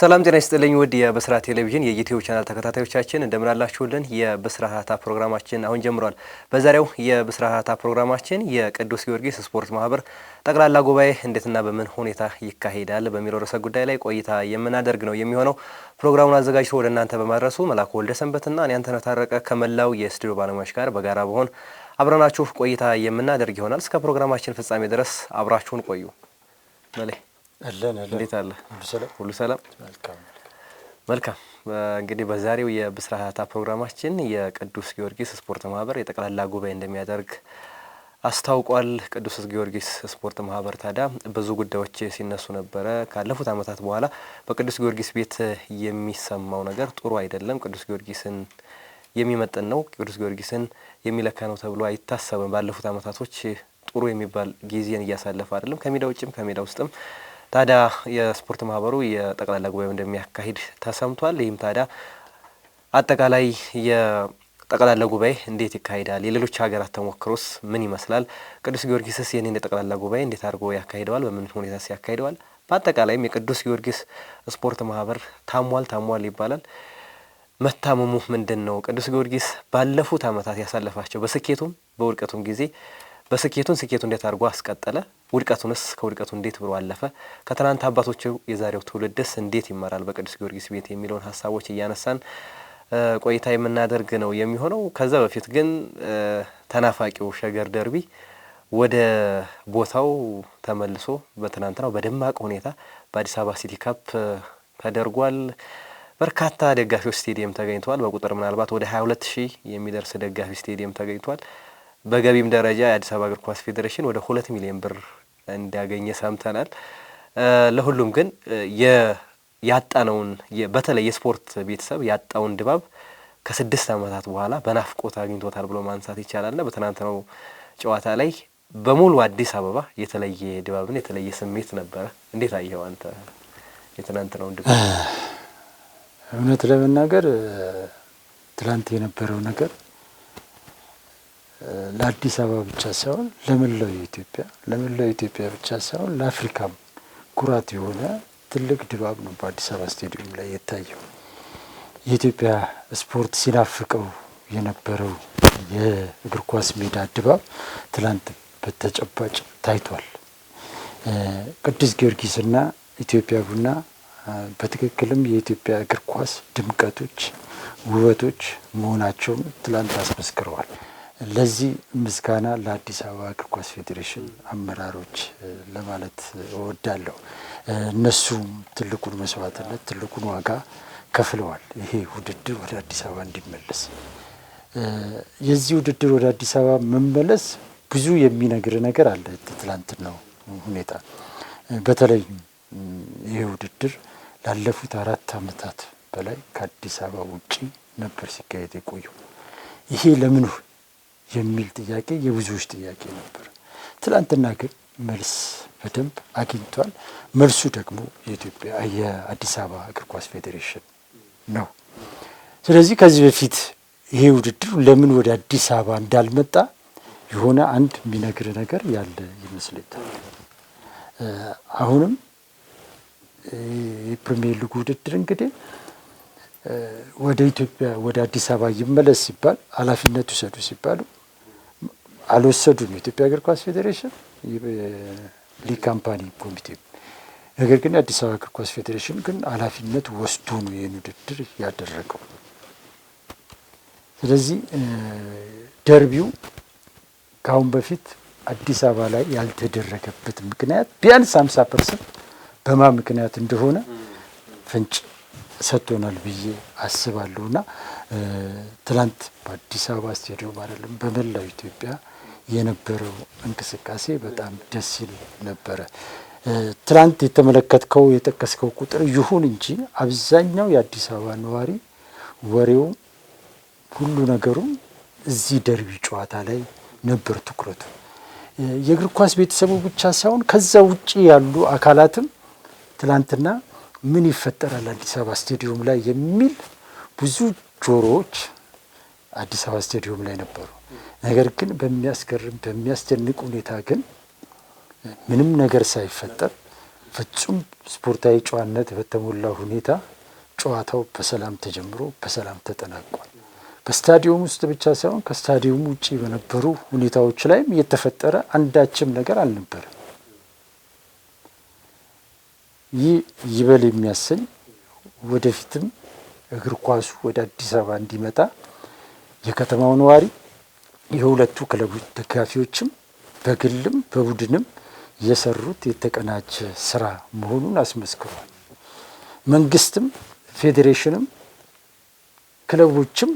ሰላም ጤና ይስጥልኝ ውድ የብስራት ቴሌቪዥን የዩቲዩብ ቻናል ተከታታዮቻችን እንደምናላችሁልን የብስራት ሀታ ፕሮግራማችን አሁን ጀምሯል። በዛሬው የብስራት ሀታ ፕሮግራማችን የቅዱስ ጊዮርጊስ ስፖርት ማህበር ጠቅላላ ጉባኤ እንዴትና በምን ሁኔታ ይካሄዳል በሚለው ርዕሰ ጉዳይ ላይ ቆይታ የምናደርግ ነው የሚሆነው። ፕሮግራሙን አዘጋጅቶ ወደ እናንተ በማድረሱ መላኩ ወልደ ሰንበትና እኔ አንተነህ ታረቀ ከመላው የስቱዲዮ ባለሙያዎች ጋር በጋራ በሆን አብረናችሁ ቆይታ የምናደርግ ይሆናል። እስከ ፕሮግራማችን ፍጻሜ ድረስ አብራችሁን ቆዩ። እንዴት አለ? ሁሉ ሰላም መልካም። እንግዲህ በዛሬው የብስራታ ፕሮግራማችን የቅዱስ ጊዮርጊስ ስፖርት ማህበር የጠቅላላ ጉባኤ እንደሚያደርግ አስታውቋል። ቅዱስ ጊዮርጊስ ስፖርት ማህበር ታዲያ ብዙ ጉዳዮች ሲነሱ ነበረ። ካለፉት ዓመታት በኋላ በቅዱስ ጊዮርጊስ ቤት የሚሰማው ነገር ጥሩ አይደለም፣ ቅዱስ ጊዮርጊስን የሚመጥን ነው፣ ቅዱስ ጊዮርጊስን የሚለካ ነው ተብሎ አይታሰብም። ባለፉት ዓመታቶች ጥሩ የሚባል ጊዜን እያሳለፈ አይደለም፣ ከሜዳ ውጭም ከሜዳ ውስጥም ታዲያ የስፖርት ማህበሩ የጠቅላላ ጉባኤው እንደሚያካሂድ ተሰምቷል። ይህም ታዲያ አጠቃላይ የጠቅላላ ጉባኤ እንዴት ይካሄዳል? የሌሎች ሀገራት ተሞክሮስ ምን ይመስላል? ቅዱስ ጊዮርጊስስ ይህንን የጠቅላላ ጉባኤ እንዴት አድርጎ ያካሂደዋል? በምን ሁኔታ ያካሂደዋል፣ በአጠቃላይም የቅዱስ ጊዮርጊስ ስፖርት ማህበር ታሟል ታሟል ይባላል። መታመሙ ምንድን ነው? ቅዱስ ጊዮርጊስ ባለፉት ዓመታት ያሳለፋቸው በስኬቱም በውድቀቱም ጊዜ በስኬቱን ስኬቱ እንዴት አድርጎ አስቀጠለ? ውድቀቱንስ ከውድቀቱ እንዴት ብሎ አለፈ፣ ከትናንት አባቶች የዛሬው ትውልድስ እንዴት ይመራል በቅዱስ ጊዮርጊስ ቤት የሚለውን ሀሳቦች እያነሳን ቆይታ የምናደርግ ነው የሚሆነው። ከዛ በፊት ግን ተናፋቂው ሸገር ደርቢ ወደ ቦታው ተመልሶ በትናንትናው በደማቅ ሁኔታ በአዲስ አበባ ሲቲ ካፕ ተደርጓል። በርካታ ደጋፊዎች ስቴዲየም ተገኝተዋል። በቁጥር ምናልባት ወደ 22 ሺህ የሚደርስ ደጋፊ ስቴዲየም ተገኝቷል። በገቢም ደረጃ የአዲስ አበባ እግር ኳስ ፌዴሬሽን ወደ ሁለት ሚሊዮን ብር እንዲያገኘ ሰምተናል። ለሁሉም ግን ያጣነውን በተለይ የስፖርት ቤተሰብ ያጣውን ድባብ ከስድስት ዓመታት በኋላ በናፍቆት አግኝቶታል ብሎ ማንሳት ይቻላልና በትናንትናው ጨዋታ ላይ በሙሉ አዲስ አበባ የተለየ ድባብን የተለየ ስሜት ነበረ። እንዴት አየኸው አንተ የትናንትናውን ድባብ? እውነት ለመናገር ትላንት የነበረው ነገር ለአዲስ አበባ ብቻ ሳይሆን ለመላው ኢትዮጵያ ለመላው ኢትዮጵያ ብቻ ሳይሆን ለአፍሪካም ኩራት የሆነ ትልቅ ድባብ ነው በአዲስ አበባ ስቴዲየም ላይ የታየው። የኢትዮጵያ ስፖርት ሲናፍቀው የነበረው የእግር ኳስ ሜዳ ድባብ ትላንት በተጨባጭ ታይቷል። ቅዱስ ጊዮርጊስና ኢትዮጵያ ቡና በትክክልም የኢትዮጵያ እግር ኳስ ድምቀቶች፣ ውበቶች መሆናቸውን ትላንት አስመስክረዋል። ለዚህ ምስጋና ለአዲስ አበባ እግር ኳስ ፌዴሬሽን አመራሮች ለማለት እወዳለሁ። እነሱም ትልቁን መስዋዕትነት ትልቁን ዋጋ ከፍለዋል። ይሄ ውድድር ወደ አዲስ አበባ እንዲመለስ የዚህ ውድድር ወደ አዲስ አበባ መመለስ ብዙ የሚነግር ነገር አለ። ትላንትናው ሁኔታ በተለይም ይሄ ውድድር ላለፉት አራት ዓመታት በላይ ከአዲስ አበባ ውጪ ነበር ሲካሄድ የቆየው። ይሄ ለምን የሚል ጥያቄ የብዙዎች ጥያቄ ነበር። ትላንትና ግን መልስ በደንብ አግኝቷል። መልሱ ደግሞ የኢትዮጵያ የአዲስ አበባ እግር ኳስ ፌዴሬሽን ነው። ስለዚህ ከዚህ በፊት ይሄ ውድድር ለምን ወደ አዲስ አበባ እንዳልመጣ የሆነ አንድ የሚነግር ነገር ያለ ይመስለኛል። አሁንም የፕሪሚየር ሊግ ውድድር እንግዲህ ወደ ኢትዮጵያ ወደ አዲስ አበባ ይመለስ ሲባል ኃላፊነት ውሰዱ ሲባሉ አልወሰዱም። የኢትዮጵያ እግር ኳስ ፌዴሬሽን ሊግ ካምፓኒ ኮሚቴ ነገር ግን የአዲስ አበባ እግር ኳስ ፌዴሬሽን ግን ኃላፊነት ወስዶ ነው ይህን ውድድር ያደረገው። ስለዚህ ደርቢው ከአሁን በፊት አዲስ አበባ ላይ ያልተደረገበት ምክንያት ቢያንስ ሀምሳ ፐርሰንት በማ ምክንያት እንደሆነ ፍንጭ ሰጥቶናል ብዬ አስባለሁ እና ትናንት በአዲስ አበባ ስቴዲዮም አይደለም በመላው ኢትዮጵያ የነበረው እንቅስቃሴ በጣም ደስ ይል ነበረ። ትናንት የተመለከትከው የጠቀስከው ቁጥር ይሁን እንጂ አብዛኛው የአዲስ አበባ ነዋሪ ወሬው፣ ሁሉ ነገሩም እዚህ ደርቢ ጨዋታ ላይ ነበር ትኩረቱ። የእግር ኳስ ቤተሰቡ ብቻ ሳይሆን ከዛ ውጭ ያሉ አካላትም ትላንትና ምን ይፈጠራል አዲስ አበባ ስቴዲየም ላይ የሚል ብዙ ጆሮዎች አዲስ አበባ ስቴዲየም ላይ ነበሩ። ነገር ግን በሚያስገርም በሚያስደንቅ ሁኔታ ግን ምንም ነገር ሳይፈጠር ፍጹም ስፖርታዊ ጨዋነት በተሞላ ሁኔታ ጨዋታው በሰላም ተጀምሮ በሰላም ተጠናቋል። በስታዲየም ውስጥ ብቻ ሳይሆን ከስታዲየም ውጭ በነበሩ ሁኔታዎች ላይም የተፈጠረ አንዳችም ነገር አልነበረም። ይህ ይበል የሚያሰኝ ወደፊትም እግር ኳሱ ወደ አዲስ አበባ እንዲመጣ የከተማው ነዋሪ የሁለቱ ክለቦች ደጋፊዎችም በግልም በቡድንም የሰሩት የተቀናጀ ስራ መሆኑን አስመስክሯል። መንግስትም ፌዴሬሽንም ክለቦችም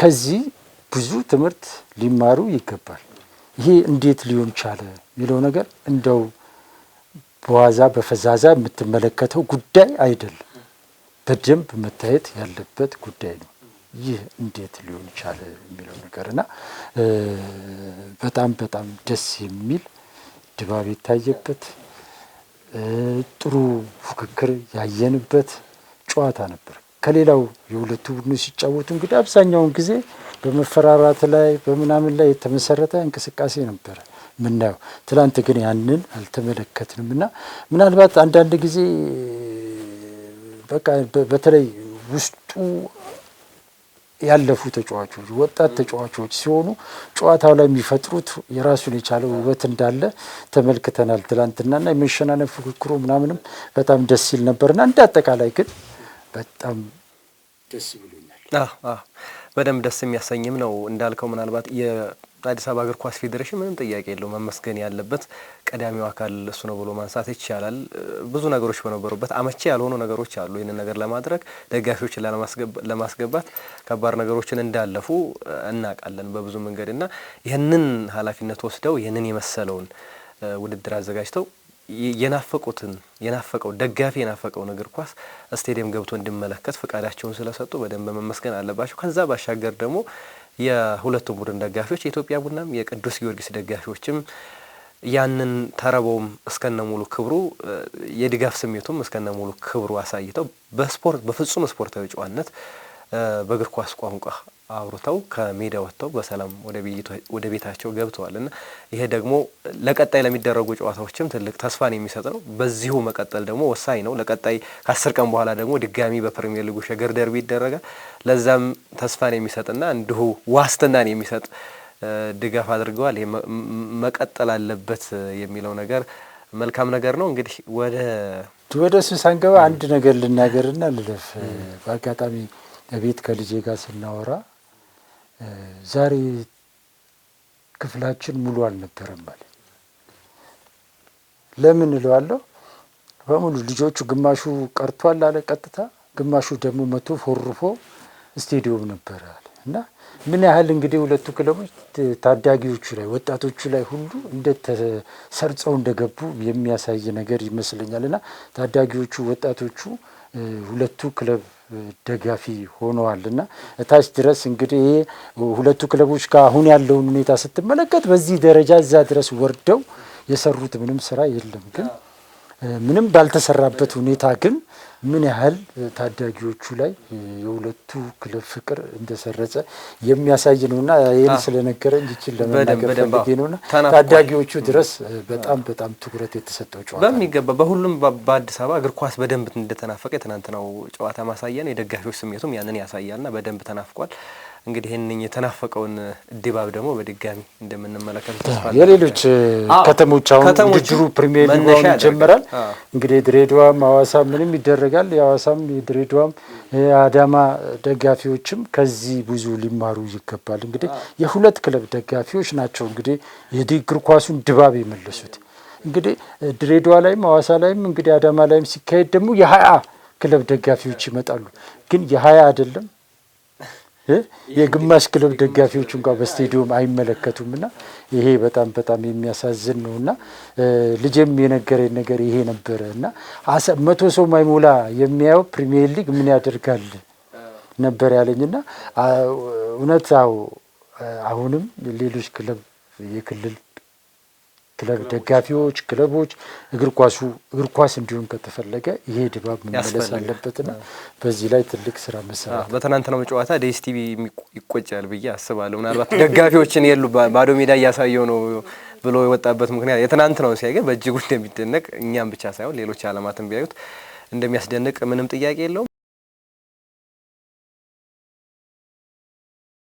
ከዚህ ብዙ ትምህርት ሊማሩ ይገባል። ይሄ እንዴት ሊሆን ቻለ የሚለው ነገር እንደው በዋዛ በፈዛዛ የምትመለከተው ጉዳይ አይደለም። በደንብ መታየት ያለበት ጉዳይ ነው። ይህ እንዴት ሊሆን ይቻለ የሚለው ነገር እና በጣም በጣም ደስ የሚል ድባብ የታየበት ጥሩ ፉክክር ያየንበት ጨዋታ ነበር። ከሌላው የሁለቱ ቡድኖች ሲጫወቱ እንግዲህ አብዛኛውን ጊዜ በመፈራራት ላይ በምናምን ላይ የተመሰረተ እንቅስቃሴ ነበረ ምናየው። ትላንት ግን ያንን አልተመለከትንም እና ምናልባት አንዳንድ ጊዜ በቃ በተለይ ውስጡ ያለፉ ተጫዋቾች ወጣት ተጫዋቾች ሲሆኑ ጨዋታው ላይ የሚፈጥሩት የራሱን የቻለ ውበት እንዳለ ተመልክተናል። ትላንትናና የመሸናነፍ ፉክክሩ ምናምንም በጣም ደስ ሲል ነበርና እንደ አጠቃላይ ግን በጣም ደስ ብሎኛል። በደንብ ደስ የሚያሰኝም ነው እንዳልከው ምናልባት አዲስ አበባ እግር ኳስ ፌዴሬሽን ምንም ጥያቄ የለው መመስገን ያለበት ቀዳሚው አካል እሱ ነው ብሎ ማንሳት ይቻላል። ብዙ ነገሮች በነበሩበት አመቼ ያልሆኑ ነገሮች አሉ። ይህንን ነገር ለማድረግ ደጋፊዎችን ለማስገባት ከባድ ነገሮችን እንዳለፉ እናውቃለን በብዙ መንገድ እና ይህንን ኃላፊነት ወስደው ይህንን የመሰለውን ውድድር አዘጋጅተው የናፈቁትን የናፈቀው ደጋፊ የናፈቀውን እግር ኳስ ስቴዲየም ገብቶ እንዲመለከት ፈቃዳቸውን ስለሰጡ በደንብ መመስገን አለባቸው። ከዛ ባሻገር ደግሞ የሁለቱም ቡድን ደጋፊዎች የኢትዮጵያ ቡናም የቅዱስ ጊዮርጊስ ደጋፊዎችም ያንን ተረበውም እስከነ ሙሉ ክብሩ የድጋፍ ስሜቱም እስከነ ሙሉ ክብሩ አሳይተው በስፖርት በፍጹም ስፖርታዊ ጨዋነት በእግር ኳስ ቋንቋ አውርተው ከሜዳ ወጥተው በሰላም ወደ ቤታቸው ገብተዋል እና ይሄ ደግሞ ለቀጣይ ለሚደረጉ ጨዋታዎችም ትልቅ ተስፋን የሚሰጥ ነው። በዚሁ መቀጠል ደግሞ ወሳኝ ነው። ለቀጣይ ከአስር ቀን በኋላ ደግሞ ድጋሚ በፕሪሚየር ሊጉ ሸገር ደርቢ ይደረጋል። ለዛም ተስፋን የሚሰጥና እንዲሁ ዋስትናን የሚሰጥ ድጋፍ አድርገዋል። ይሄ መቀጠል አለበት የሚለው ነገር መልካም ነገር ነው። እንግዲህ ወደ ወደ ሱ ሳንገባ አንድ ነገር ልናገርና ልለፍ በአጋጣሚ ቤት ከልጄ ጋር ስናወራ ዛሬ ክፍላችን ሙሉ አልነበረም ማለት ለምን እለዋለሁ። በሙሉ ልጆቹ ግማሹ ቀርቷል አለ ቀጥታ፣ ግማሹ ደግሞ መቶ ፎርፎ ስቴዲዮም ነበረ አለ እና ምን ያህል እንግዲህ ሁለቱ ክለቦች ታዳጊዎቹ ላይ ወጣቶቹ ላይ ሁሉ እንደተሰርጸው እንደገቡ የሚያሳይ ነገር ይመስለኛል። እና ታዳጊዎቹ ወጣቶቹ ሁለቱ ክለብ ደጋፊ ሆነዋል እና እታች ድረስ እንግዲህ ሁለቱ ክለቦች ጋር አሁን ያለውን ሁኔታ ስትመለከት በዚህ ደረጃ እዛ ድረስ ወርደው የሰሩት ምንም ስራ የለም ግን ምንም ባልተሰራበት ሁኔታ ግን ምን ያህል ታዳጊዎቹ ላይ የሁለቱ ክለብ ፍቅር እንደሰረጸ የሚያሳይ ነውና ይህን ስለነገረ ይችን ለመናገር ፈልጌ ነውና ታዳጊዎቹ ድረስ በጣም በጣም ትኩረት የተሰጠው ጨዋታ በሚገባ በሁሉም በአዲስ አበባ እግር ኳስ በደንብ እንደተናፈቀ የትናንትናው ጨዋታ ማሳያ ነው። የደጋፊዎች ስሜቱም ያንን ያሳያልና በደንብ ተናፍቋል። እንግዲህ ይህን የተናፈቀውን ድባብ ደግሞ በድጋሚ እንደምንመለከት ተስፋ የሌሎች ከተሞች አሁን ውድድሩ ፕሪሚየር ሊግ ይጀመራል። እንግዲህ ድሬዳዋም ሐዋሳ ምንም ይደረጋል። የሐዋሳም የድሬዳዋም የአዳማ ደጋፊዎችም ከዚህ ብዙ ሊማሩ ይገባል። እንግዲህ የሁለት ክለብ ደጋፊዎች ናቸው እንግዲህ የእግር ኳሱን ድባብ የመለሱት። እንግዲህ ድሬዳዋ ላይም ሐዋሳ ላይም እንግዲህ አዳማ ላይም ሲካሄድ ደግሞ የሀያ ክለብ ደጋፊዎች ይመጣሉ። ግን የሀያ አይደለም የግማሽ ክለብ ደጋፊዎች እንኳ በስቴዲየም አይመለከቱም እና ይሄ በጣም በጣም የሚያሳዝን ነው እና ልጄም የነገረኝ ነገር ይሄ ነበረ እና መቶ ሰው ማይሞላ የሚያየው ፕሪሚየር ሊግ ምን ያደርጋል ነበር ያለኝ እና እውነት አሁንም ሌሎች ክለብ የክልል ክለብ ደጋፊዎች፣ ክለቦች፣ እግር ኳሱ እግር ኳስ እንዲሁም ከተፈለገ ይሄ ድባብ መመለስ አለበትና በዚህ ላይ ትልቅ ስራ መሰራት። በትናንትናው ጨዋታ ዲኤስቲቪ ይቆጫል ብዬ አስባለሁ። ምናልባት ደጋፊዎችን የሉ ባዶ ሜዳ እያሳየው ነው ብሎ የወጣበት ምክንያት የትናንት ነው ሲያይ ግን በእጅጉ እንደሚደነቅ እኛም ብቻ ሳይሆን ሌሎች አለማትን ቢያዩት እንደሚያስደንቅ ምንም ጥያቄ የለውም።